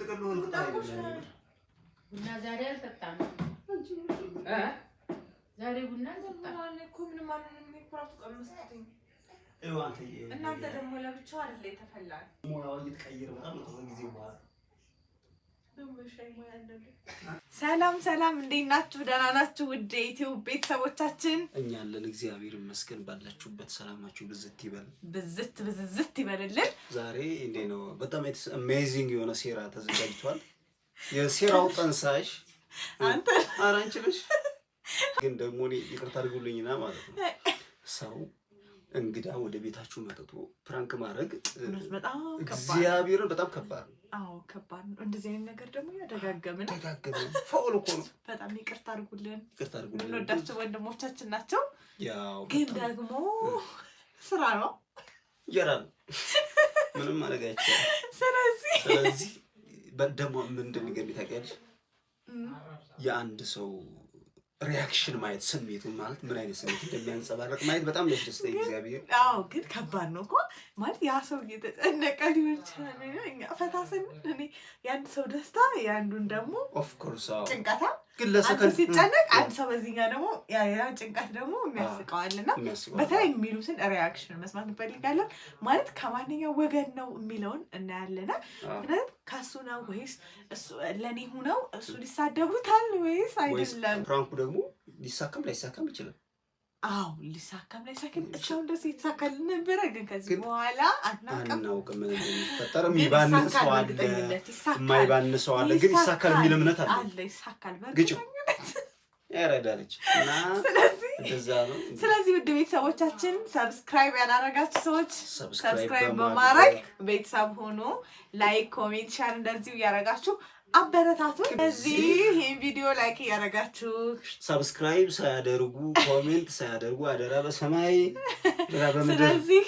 ጥቅሉ ልቅጣ ቡና ዛሬ አልጠጣም። ዛሬ ቡና እናንተ ደግሞ ለብቻው አይደለ የተፈላል ሞያዋ እየተቀየረ በጣም ጊዜ በኋላ ሰላም ሰላም፣ እንዴት ናችሁ? ደህና ናችሁ? ውድ የኢትዮጵያ ቤተሰቦቻችን፣ እኛ አለን እግዚአብሔር ይመስገን። ባላችሁበት ሰላማችሁ ብዝት ይበል፣ ብዝት ብዝዝት ይበልልን። ዛሬ እንዴ ነው? በጣም አሜዚንግ የሆነ ሴራ ተዘጋጅቷል። የሴራው ጠንሳሽ አንተ አንቺ ግን ደግሞ እኔ ይቅርታ አድርጉልኝና ማለት ነው ሰው እንግዳ ወደ ቤታችሁ መጥቶ ፕራንክ ማድረግ እግዚአብሔርን በጣም ከባድ ነው። አዎ ከባድ ነው። እንደዚህ አይነት ነገር ደግሞ ያደጋገምን ደጋገምን ፈውል እኮ ነው። በጣም ይቅርታ አድርጉልን፣ ይቅርታ አድርጉልን። እንወዳቸው ወንድሞቻችን ናቸው። ግን ደግሞ ስራ ነው የራ ነው ምንም ማድረግ አይቻልም። ስለዚህ ስለዚህ ደግሞ ምን እንደሚገርም ታውቂያለሽ የአንድ ሰው ሪያክሽን ማየት ስሜቱን ማለት ምን አይነት ስሜት እንደሚያንጸባረቅ ማየት በጣም ያስደስተኝ። እግዚአብሔር አዎ፣ ግን ከባድ ነው እኮ ማለት ያ ሰው እየተጨነቀ ሊሆን ይችላል። እኛ ፈታ ስንል እኔ የአንድ ሰው ደስታ የአንዱን ደግሞ ኦፍኮርስ ጭንቀታ ግለሰብ ሲጨነቅ አንድ ሰው በዚህኛ ደግሞ ያ ጭንቀት ደግሞ የሚያስቀዋልና በተለይ የሚሉትን ሪያክሽን መስማት እንፈልጋለን። ማለት ከማንኛው ወገን ነው የሚለውን እናያለና ምክንያቱም ከሱ ነው ወይስ ለእኔ ሁነው እሱ ሊሳደቡታል ወይስ አይደለም። ፕራንኩ ደግሞ ሊሳካም ላይሳካም ይችላል። አዎ ሊሳካም ላይሳካም እስካሁን ድረስ የተሳካል ነበረ። ግን ከዚህ በኋላ አናውቅም ምን እንደሚፈጠር። ሰው አለ፣ የማይባንስ ሰው አለ። ግን ይሳካል የሚል እምነት አለ። ይሳካል በግጭው ያረዳለች። ስለዚህ ውድ ቤተሰቦቻችን ሰብስክራይብ ያላረጋችሁ ሰዎች ሰብስክራይብ በማድረግ ቤተሰብ ሆኖ ላይክ፣ ኮሜንት፣ ሻር እንደዚሁ እያረጋችሁ አበረታቱ። እዚህ ይህን ቪዲዮ ላይክ እያደረጋችሁ ሰብስክራይብ ሳያደርጉ ኮሜንት ሳያደርጉ አደራ በሰማይ ስለዚህ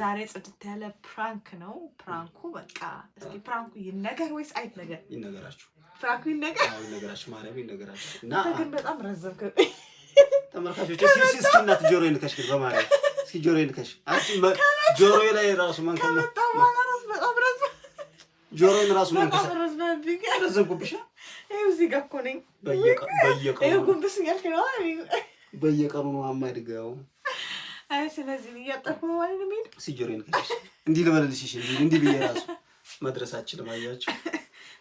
ዛሬ ጽድት ያለ ፕራንክ ነው። ፕራንኩ በቃ እስኪ ፕራንኩ ይነገር ወይስ አይነገር? ይነገራችሁ። ፕራንኩ ይነገር ይነገራችሁ። ማርያም ይነገራችሁ። ግን በጣም ረዘምክ። ተመልካቾች እስኪ እናት ጆሮ ይልከሽ ግን በማርያም እስኪ ጆሮ ይልከሽ ጆሮ ላይ ራሱ መንከ ጆሮን ራሱ መንከሳ ያረዘጉብሻ እዚህ ጋር እኮ ነኝ። ጉንብስ እያልክ ነው። በየቀኑ ነው ስለዚህ ማለት ነው። እንዲህ ልበልልሽ ይችል እንዲህ ብዬ ራሱ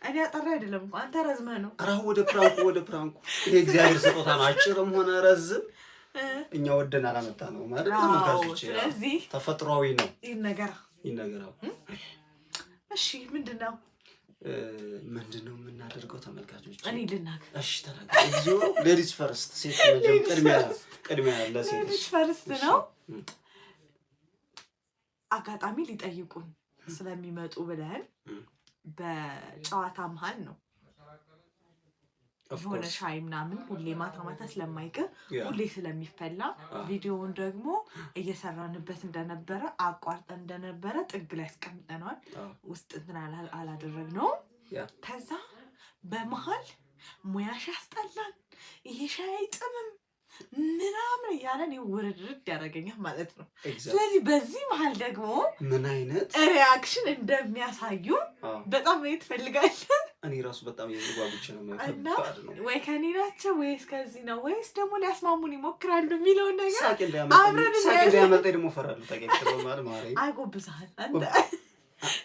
እኔ አጠራ አይደለም እኮ አንተ ረዝመህ ነው። ኧረ ወደ ፕራንኩ ወደ ፕራንኩ። ይሄ እግዚአብሔር ስጦታ ነው። አጭርም ሆነ ረዝም እኛ ወደን አላመጣ ነው ማለት ተመልካቾች። ስለዚህ ተፈጥሯዊ ነው ይነገራ ይነገራ። እሺ ምንድን ነው ምንድን ነው የምናደርገው? ተመልካቾች እኔ ልናገር። እሺ ተናገር። እዚሁ ሌዲስ ፈርስት፣ ሴት ቅድሚያ ቅድሚያ ሌዲስ ፈርስት ነው። አጋጣሚ ሊጠይቁን ስለሚመጡ ብለን በጨዋታ መሀል ነው የሆነ ሻይ ምናምን ሁሌ ማታ ማታ ስለማይቀር ሁሌ ስለሚፈላ ah. ቪዲዮውን ደግሞ እየሰራንበት እንደነበረ አቋርጠን እንደነበረ ጥግ ላይ አስቀምጠነዋል። ah. ውስጥ እንትን አላደረግነውም። ከዛ በመሀል ሙያሽ ያስጠላል፣ ይሄ ሻይ አይጥምም ምናምን እያለን ውርድርድ ማለት ነው። ስለዚህ በዚህ መሀል ደግሞ ምን አይነት ሪያክሽን እንደሚያሳዩ ah. በጣም ነው ትፈልጋለን እኔ ራሱ በጣም የጓጉቼ ነው ነው ወይ ከኔ ናቸው ወይስ ከዚህ ነው ወይስ ደግሞ ሊያስማሙን ይሞክራሉ የሚለውን ነገር ሳቅ ደግሞ ፈራሉ። አይጎብዛል አንተ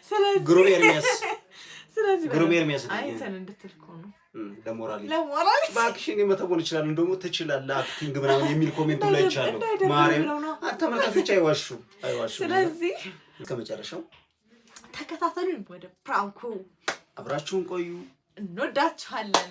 ስለዚህ ግሩም ኤርሚያስ ስለዚህ ግሩም ኤርሚያስ አይተን እንድትል ነው ለሞራል ለሞራል እባክሽ እኔ ይችላል እንደውም ትችላለህ አክቲንግ ምናምን የሚል ኮሜንቱ ላይ ይቻሉ ማርያም ተመልካቾች አይዋሹ አይዋሹ። ስለዚህ እስከ መጨረሻው ተከታተሉን ወደ ፕራንኩ አብራችሁን ቆዩ። እንወዳችኋለን።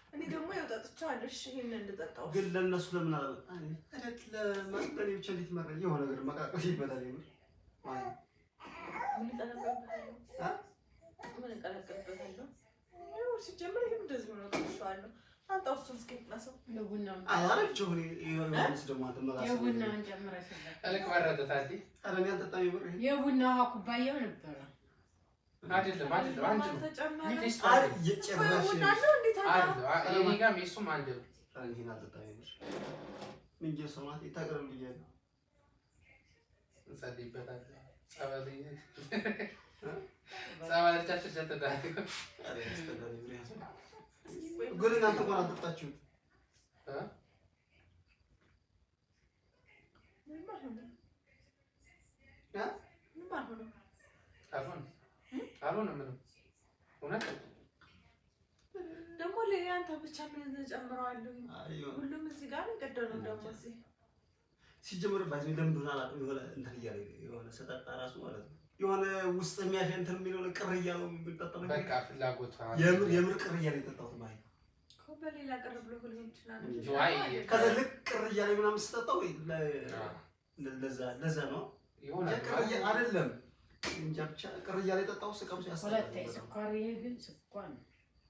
እኔ ደግሞ የውጠጥቻለሁ። እሺ ይሄን እንድጠጣው ግን ለእነሱ ለምን አለ እለት ለማጥበኔ ብቻ እንዴት መረኝ የሆነ ነገር መቃቀፍ ይበላል። ይሁን ምን እቀላቀልበታለሁ? ሲጀምር ይሄም እንደዚህ ነው። ጠጥቼዋለሁ። የቡና ኩባያው ነበረ አይደለም አይደለም፣ አንድ ነው። ምን ማለት ነው? አልሆነም። ምንም እውነት ደግሞ ለአንተ ብቻ ምን ጨምረዋለሁ። ሁሉም እዚህ ጋር ይቀደሉ ደግሞ እዚህ ሲጀምር ባዚ ለምዱና አላውቅም። የሆነ እንትን እያለ የሆነ ሰጠጣ ራሱ ማለት ነው የሆነ ውስጥ የሚያሸን እንትን የሚለው ቅር እያለው የሚጠጣው በቃ ፍላጎት የምር የምር ቅር እያለ የጠጣሁት ማለት ነው። በሌላ ቅር ብሎ ሁሉም ይችላል። ከዛ ልክ ቅር እያለ ምናምን ስጠጣው ለዛ ለዛ ነው የሆነ አይደለም እንጃ ብቻ ቅር እያለ የጠጣው ስቀም ያስስኳር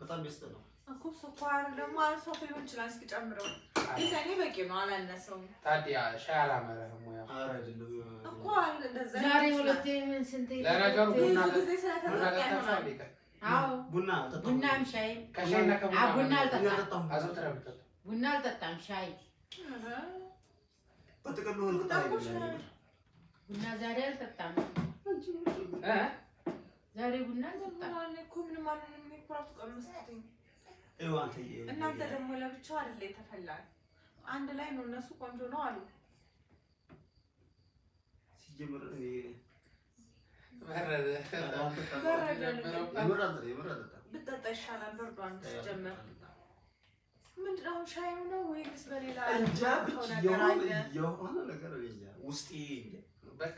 በጣም ያስጠ ነው እኮ ስኳር ደግሞ አልፎ ሊሆን ይችላል። እስኪ ጨምረው ይዘኔ በቂ ነው። አላነሰውም። ታዲያ ሻይ አላመረህም ወይ? እኮ ዛሬ ሁለቴ ምን ስንቴ ለነገሩ ቡና ቡና ቡናም ሻይ ቡና አልጠጣም፣ ቡና አልጠጣም ሻይ በጥቅሉ ቡና ዛሬ አልጠጣም። ዛሬ ቡና እናንተ ደግሞ ለብቻው አይደለ የተፈላ አንድ ላይ ነው። እነሱ ቆንጆ ነው አሉ። ብጠጣ ይሻላል። በርዷን ሲጀመር ምንድን ሻይ ነው ወይስ በሌላ እንጃ። ብቻ የሆነ ነገር ውስጤ በቃ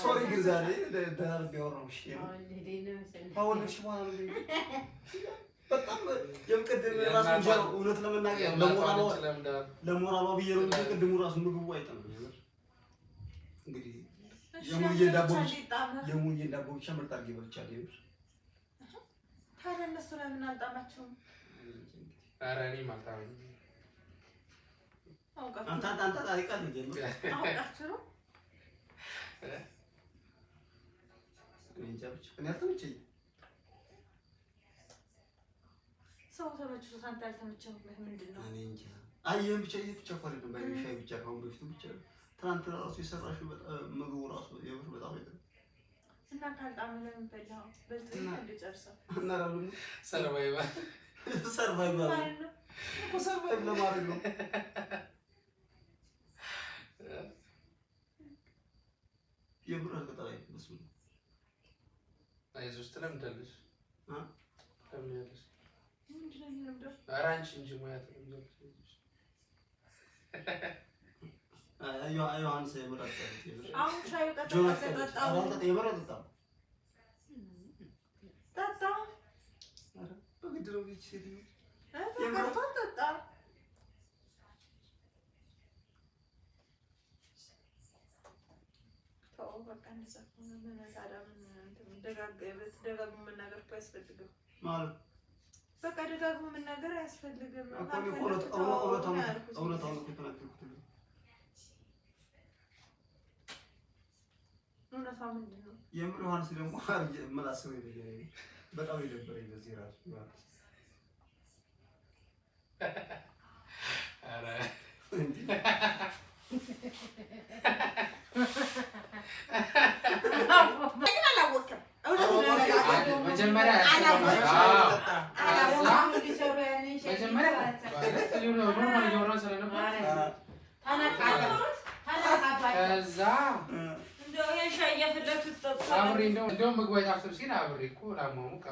ሶሪ ግን ዛሬ በጣም የምቅድም ራሱ እውነት ለመናገር ለሞራሏ ብዬ ነው እንጂ ቅድሙ ራሱ ምግቡ አይጠምም። እንግዲህ ዳቦ ብቻ ምርጥ አድርጌ በልቻለሁ። ይኸውልሽ ታዲያ እነሱ አልጣማቸውም? ኧረ እኔም አልጣመኝም። አንተ አንተ አንተ ነው ሰው ተመችቶ አንተ አልተመቸህም። ምንድን ነው አየህም? ብቻ ብቻ እኮ አይደለም ብቻ ትናንት ራሱ የሰራሽው ምግቡ ራሱ የምር በጣም አይደለም እና ካልጣም ለምን በላኸው? በልተህ ሰርቫይቫል ሰርቫይቫል ለማድረግ ነው የብር አልቀጠራይ እሱ አይዞሽ። ትለምዳለሽ። ትለምዳለሽ። ኧረ አንቺ እንጂ ሙያ ትለምዳለሽ። ዮሐንስ የብር አልቀጠራም። ጠጣ በግድ ነው። ደጋግሞ መናገር እኮ አያስፈልግም። ማለት በቃ ደጋግሞ መናገር አያስፈልግም። እውነታ ምንድን የምር ዮሐንስ ደግሞ መላስበው በጣም የደበረኝ በዚህ ራሱ ኧረ ሲል አብሬ እኮ ላሟሙቅ